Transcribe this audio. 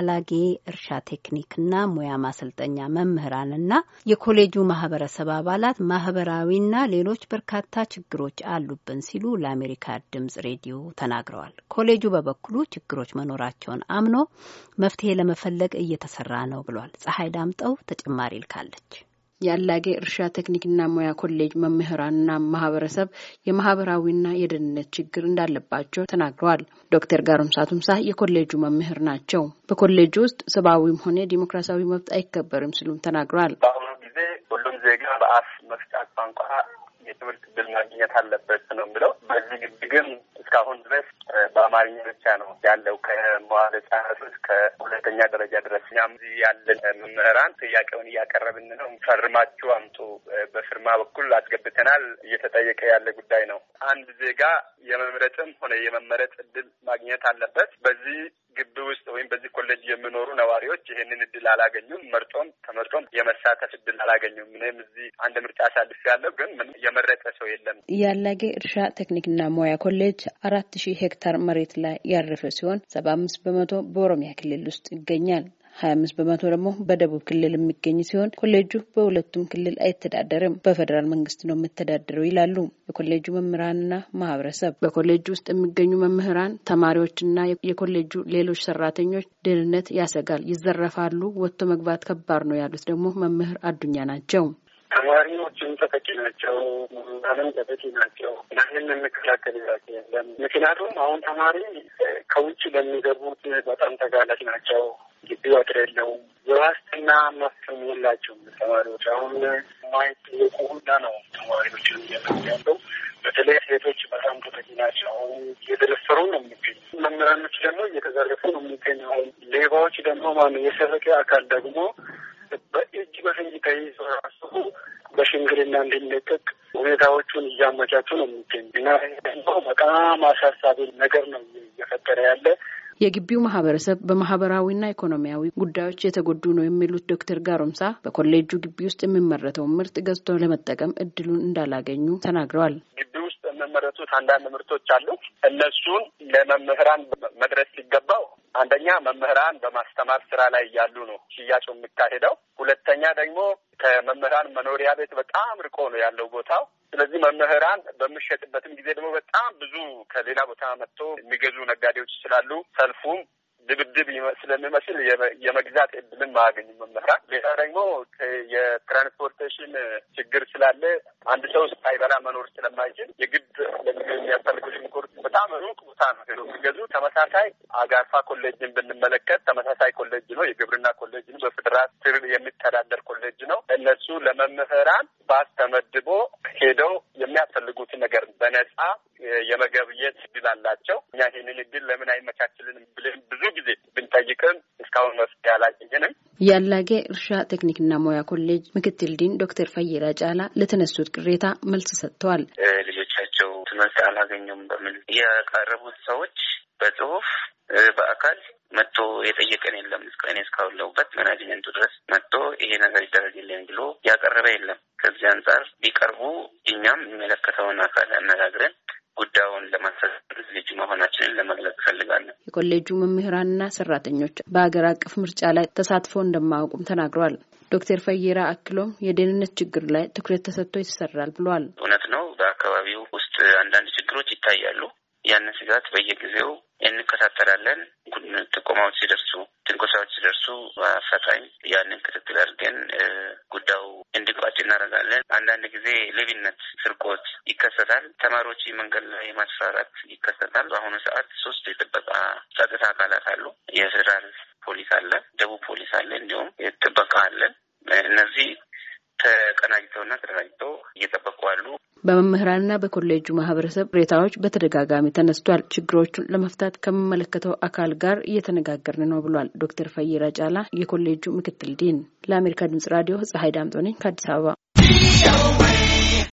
አላጌ እርሻ ቴክኒክና ሙያ ማሰልጠኛ መምህራንና የኮሌጁ ማህበረሰብ አባላት ማህበራዊና ሌሎች በርካታ ችግሮች አሉብን ሲሉ ለአሜሪካ ድምጽ ሬዲዮ ተናግረዋል። ኮሌጁ በበኩሉ ችግሮች መኖራቸውን አምኖ መፍትሄ ለመፈለግ እየተሰራ ነው ብሏል። ፀሐይ ዳምጠው ተጨማሪ ልካለች። የአላጌ እርሻ ቴክኒክና ሙያ ኮሌጅ መምህራንና ማህበረሰብ የማህበራዊና የደህንነት ችግር እንዳለባቸው ተናግረዋል። ዶክተር ጋሩምሳ ቱምሳ የኮሌጁ መምህር ናቸው። በኮሌጁ ውስጥ ሰብአዊም ሆነ ዲሞክራሲያዊ መብት አይከበርም ሲሉም ተናግረዋል። በአሁኑ ጊዜ ሁሉም ዜጋ በአፍ መፍጫ ቋንቋ የትምህርት ዕድል ማግኘት አለበት ነው ብለው በዚህ ግቢ ግን እስካሁን ድረስ በአማርኛ ብቻ ነው ያለው። ከመዋለ ሕጻናት እስከ ሁለተኛ ደረጃ ድረስ እኛም እዚህ ያለን መምህራን ጥያቄውን እያቀረብን ነው። ፈርማችሁ አምጡ። በፊርማ በኩል አስገብተናል። እየተጠየቀ ያለ ጉዳይ ነው። አንድ ዜጋ የመምረጥም ሆነ የመመረጥ እድል ማግኘት አለበት። በዚህ ግቢ ውስጥ ወይም በዚህ ኮሌጅ የሚኖሩ ነዋሪዎች ይሄንን እድል አላገኙም። መርጦም ተመርጦም የመሳተፍ እድል አላገኙም። ምንም እዚህ አንድ ምርጫ አሳልፍ ያለው ግን ምን የመረጠ ሰው የለም። ያላጌ እርሻ ቴክኒክና ሙያ ኮሌጅ አራት ሺህ ሄክታር መሬት ላይ ያረፈ ሲሆን ሰባ አምስት በመቶ በኦሮሚያ ክልል ውስጥ ይገኛል። 25 በመቶ ደግሞ በደቡብ ክልል የሚገኝ ሲሆን ኮሌጁ በሁለቱም ክልል አይተዳደርም፣ በፌዴራል መንግስት ነው የምተዳደረው ይላሉ የኮሌጁ መምህራንና ማህበረሰብ። በኮሌጁ ውስጥ የሚገኙ መምህራን፣ ተማሪዎችና የኮሌጁ ሌሎች ሰራተኞች ደህንነት ያሰጋል፣ ይዘረፋሉ፣ ወጥቶ መግባት ከባድ ነው ያሉት ደግሞ መምህር አዱኛ ናቸው። ተማሪዎችም ተጠቂ ናቸው። ምንም ተጠቂ ናቸው። ያንን የምንከላከልላቸው የለም። ምክንያቱም አሁን ተማሪ ከውጭ ለሚገቡት በጣም ተጋላጭ ናቸው። ግቢ ወጥር የለውም። የዋስትና መፍትም የላቸውም ተማሪዎች። አሁን ማየት ትልቁ ሁላ ነው ተማሪዎች እያለ ያለው በተለይ ሴቶች በጣም ተጠቂ ናቸው። አሁን እየተደፈሩ ነው የሚገኙ መምህራኖች ደግሞ እየተዘረፉ ነው የሚገኙ። አሁን ሌባዎች ደግሞ ማነው የሰረቀ አካል ደግሞ በእጅ በፈንጅ ተይዞ ራሱ በሽምግልና እንዲለቀቅ ሁኔታዎቹን እያመቻቹ ነው የሚገኙ እና ደግሞ በጣም አሳሳቢ ነገር ነው እየፈጠረ ያለ የግቢው ማህበረሰብ በማህበራዊና ኢኮኖሚያዊ ጉዳዮች የተጎዱ ነው የሚሉት ዶክተር ጋሮምሳ በኮሌጁ ግቢ ውስጥ የሚመረተውን ምርት ገዝቶ ለመጠቀም እድሉን እንዳላገኙ ተናግረዋል። ግቢ ውስጥ የሚመረቱት አንዳንድ ምርቶች አሉ። እነሱን ለመምህራን መድረስ ሲገባው አንደኛ መምህራን በማስተማር ስራ ላይ እያሉ ነው ሽያጩ የሚካሄደው። ሁለተኛ ደግሞ ከመምህራን መኖሪያ ቤት በጣም ርቆ ነው ያለው ቦታው። ስለዚህ መምህራን በምሸጥበትም ጊዜ ደግሞ በጣም ብዙ ከሌላ ቦታ መጥቶ የሚገዙ ነጋዴዎች ስላሉ ሰልፉም ድብድብ ስለሚመስል የመግዛት እድልም አያገኙም መምህራን። ሌላ ደግሞ የትራንስፖርቴሽን ችግር ስላለ አንድ ሰው ሳይበላ መኖር ስለማይችል የግድ ለጊዜው የሚያስፈልጉ በጣም ሩቅ ቦታ ነው ሄዶ የሚገዙ። ተመሳሳይ አጋርፋ ኮሌጅን ብንመለከት ተመሳሳይ ኮሌጅ ነው፣ የግብርና ኮሌጅ ነው፣ በፌዴራል ስር የሚተዳደር ኮሌጅ ነው። እነሱ ለመምህራን ባስ ተመድቦ ሄደው የሚያስፈልጉትን ነገር በነጻ የመገብየት እድል አላቸው። እኛ ይህንን እድል ለምን አይመቻችልንም ብለን ብዙ ጊዜ ብንጠይቅም እስካሁን መፍትሄ አላገኘንም። የአላጌ እርሻ ቴክኒክና ሙያ ኮሌጅ ምክትል ዲን ዶክተር ፈይራ ጫላ ለተነሱት ቅሬታ መልስ ሰጥተዋል። አላገኘውም በሚል የቀረቡት ሰዎች በጽሁፍ በአካል መጥቶ የጠየቀን የለም። እስከኔ እስካሁለሁበት መናጅመንቱ ድረስ መጥቶ ይሄ ነገር ይደረግልን ብሎ ያቀረበ የለም። ከዚህ አንጻር ቢቀርቡ እኛም የሚመለከተውን አካል አነጋግረን ጉዳዩን ለማሰብ ዝግጁ መሆናችንን ለመግለጽ እፈልጋለሁ። የኮሌጁ መምህራንና ሰራተኞች በሀገር አቀፍ ምርጫ ላይ ተሳትፎ እንደማያውቁም ተናግረዋል። ዶክተር ፈየራ አክሎም የደህንነት ችግር ላይ ትኩረት ተሰጥቶ ይሰራል ብሏል። እውነት ነው። በአካባቢው ውስጥ አንዳንድ ችግሮች ይታያሉ። ያንን ስጋት በየጊዜው እንከታተላለን። ጥቆማዎች ሲደርሱ፣ ትንኮሳዎች እነሱ አፋጣኝ ያንን ክትትል አድርገን ጉዳዩ እንዲቋጭ እናደርጋለን። አንዳንድ ጊዜ ሌብነት፣ ስርቆት ይከሰታል። ተማሪዎች መንገድ ላይ ማስፈራራት ይከሰታል። በአሁኑ ሰዓት ሶስት የጥበቃ ጸጥታ አካላት አሉ። የፌዴራል ፖሊስ አለ፣ ደቡብ ፖሊስ አለ፣ እንዲሁም ጥበቃ አለ። እነዚህ ተቀናጅተውና ተደራጅተው እየጠበቁ አሉ። በመምህራንና በኮሌጁ ማህበረሰብ ቅሬታዎች በተደጋጋሚ ተነስቷል። ችግሮቹን ለመፍታት ከሚመለከተው አካል ጋር እየተነጋገርን ነው ብሏል ዶክተር ፈይራ ጫላ የኮሌጁ ምክትል ዲን። ለአሜሪካ ድምጽ ራዲዮ ፀሐይ ዳምጦ ነኝ ከአዲስ አበባ።